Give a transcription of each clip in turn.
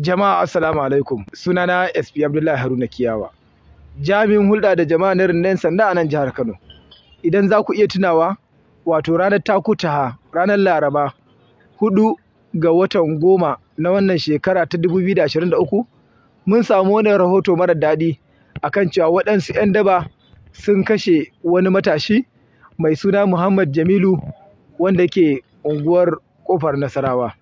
Jama'a assalamu alaikum. Sunana SP Abdullahi Haruna Kiyawa. Jami'in hulɗa da jama'a na rinnen sanda a nan jihar Kano. Idan za ku iya tunawa, wato ranar takutaha, ranar Laraba, hudu ga watan goma na wannan shekara ta dubu 2023, mun samu wani rahoto mara daɗi akan cewa waɗansu 'yan daba sun kashe wani matashi mai suna Muhammad Jamilu wanda ke unguwar Kofar Nasarawa.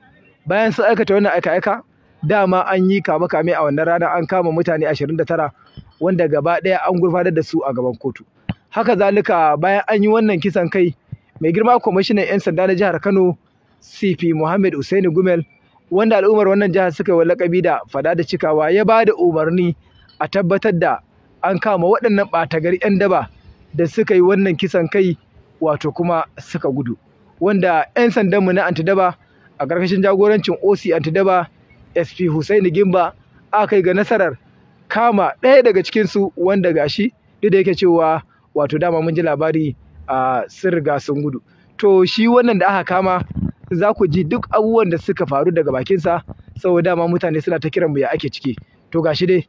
Bayan sun aikata wannan aika-aika, dama an yi kama kame a wannan rana an kama mutane 29 wanda gaba ɗaya an gurfanar da su a gaban kotu haka zalika bayan an yi wannan kisan kai mai girma kwamishinan 'yan sanda na jihar kano cp muhammad usaini gumel wanda al'ummar wannan jihar suka yi lakabi da fada da cikawa ya ba da umarni a tabbatar da an kama waɗannan ɓatagari 'yan daba da suka yi wannan kisan kai wato kuma suka gudu wanda 'yan sandanmu na antidaba a ƙarƙashin jagorancin oc antidaba sp Hussaini gimba aka kai ga nasarar kama ɗaya daga cikinsu wanda gashi duk da yake cewa wato dama mun ji labari a sirga sun gudu to shi wannan da aka kama za ku ji duk abubuwan da suka faru daga bakinsa saboda dama mutane suna ta kiran mu ya ake ciki to gashi dai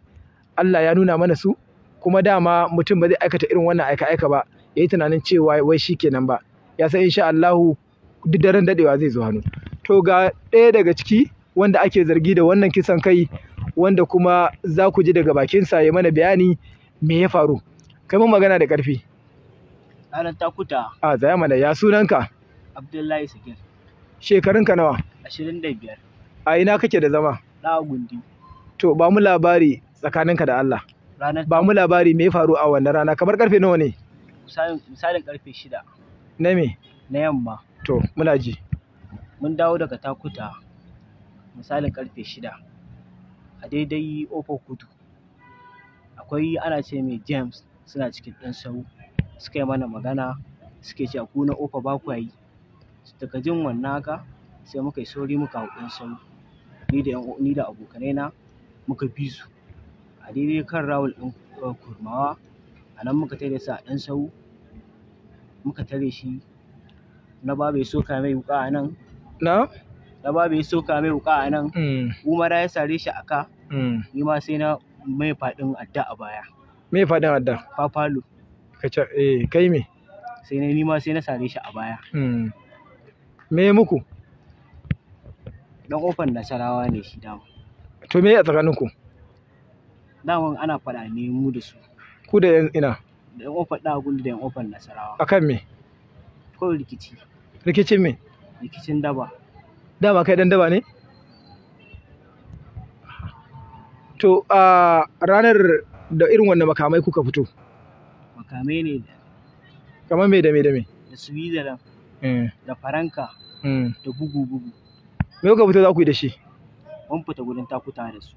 Allah ya nuna mana su kuma dama mutum ba zai aikata irin wannan aika aika ba yi tunanin cewa wai shi kenan ba ya san insha Allahu duk daren dadewa zai zo hannu to ga ɗaya daga ciki wanda ake zargi da wannan kisan kai wanda kuma za ku ji daga bakinsa ya mana bayani me ya faru kai mun magana da ƙarfi ranar takuta a zaya mana ya sunanka abdullahi sakir shekarunka nawa ashirin da biyar a ina kake da zama na gundi to ba mu labari tsakaninka da Allah ba mu labari me ya faru a wannan rana kamar karfe nawa ne misalin karfe shida na me na yamma to muna ji mun dawo daga takuta misalin karfe shida a daidai ofar kudu akwai ana ce mai James suna cikin ɗan sau, suka yi mana magana suke cewa ku na ofa bakwai. kwa daga jin wannan haka sai muka yi sauri muka hau ɗan sahu ni da ni abokanai na muka bi su a daidai kan rawul ɗin uh, kurmawa a nan muka tare sa a ɗan sahu muka tare shi na babu ya soka mai wuƙa a nan Da babu ya soka mai wuka a nan, mm. Umara ya sare shi a ka, mm. ni ma sai na mai faɗin adda a baya. mai faɗin adda? Fafalo. Eh, kai me? Sai na ni ma sai na sare shi a baya. Mm. Me muku? Dan ofan nasarawa ne shi dama. To me a tsakaninku? Daman ana faɗa ne mu da su. Ku da yan ina? Da yan ofan ɗagun da yan ofan nasarawa. Akan me? ko rikici. Rikicin me? Rikicin daba. dama kai dan daba ne to a ranar da irin wannan makamai kuka fito makamai ne kamar me da me da me da switzerland eh. da faranka hmm. da bugu bugu me kuka fito za ku yi da shi mun fita gurin takuta da su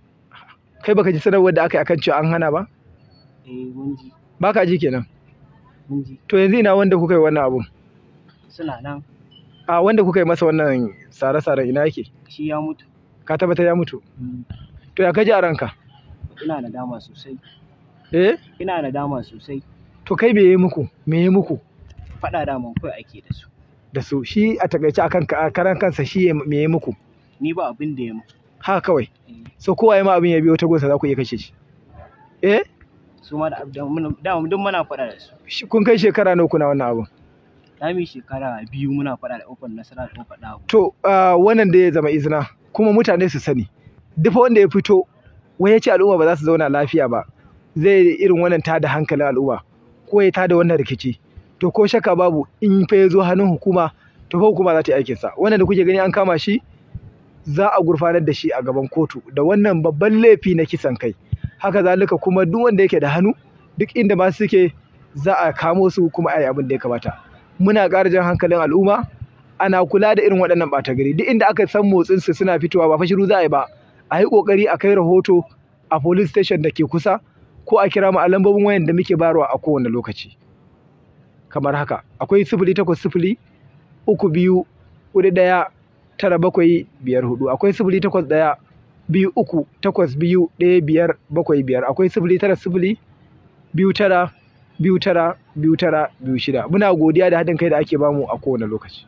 kai baka ji sanarwar da aka yi akan cewa an hana ba eh mun ji baka ji kenan mun ji to yanzu ina wanda kuka yi wannan abun suna nan a wanda kuka yi masa wannan tsare-tsare ina yake shi ya mutu ka tabbata ya mutu hmm. to ya kaji a ranka ina dama sosai eh ina dama sosai to kai me yi muku me yi muku faɗa daman kai ake da su da su shi a takaice akan karan kansa shi me yi muku ni ba abin da ya muku ha kawai eh. so kowa ya ma abin ya biyo ta gonsa za ku iya kashe shi eh su ma da mun da duk muna faɗa da su kun kai shekara nawa kuna wannan abin ta shekara biyu muna faɗa da ƙofar nasara da ƙofar ɗago. To wannan da ya zama izina kuma mutane su sani duk wanda ya fito wai ya ce al'umma ba za su zauna lafiya ba zai irin wannan ta da hankalin al'umma ko ya da wannan rikici to ko shaka babu in fa ya zo hannun hukuma to fa hukuma za ta yi aikinsa wannan da kuke gani an kama shi za a gurfanar da shi a gaban kotu da wannan babban laifi na kisan kai haka zalika kuma duk wanda yake da hannu duk inda ma suke za a kamo su kuma a yi abin da ya kamata muna ƙara jan hankalin al'umma ana kula da irin waɗannan ɓata gari duk inda aka san motsin su suna fitowa ba fa shiru za a yi ba a yi ƙoƙari a kai rahoto a police station da ke kusa ko a kira mu a lambobin wayan da muke bayarwa a kowane lokaci kamar haka akwai sifili takwas sifili uku biyu hudu ɗaya tara bakwai biyar hudu akwai sifili takwas ɗaya biyu uku takwas biyu ɗaya biyar bakwai biyar akwai sifili tara sifili biyu tara biyu tara biyu tara biyu shida muna godiya da haɗin kai da ake bamu a kowane lokaci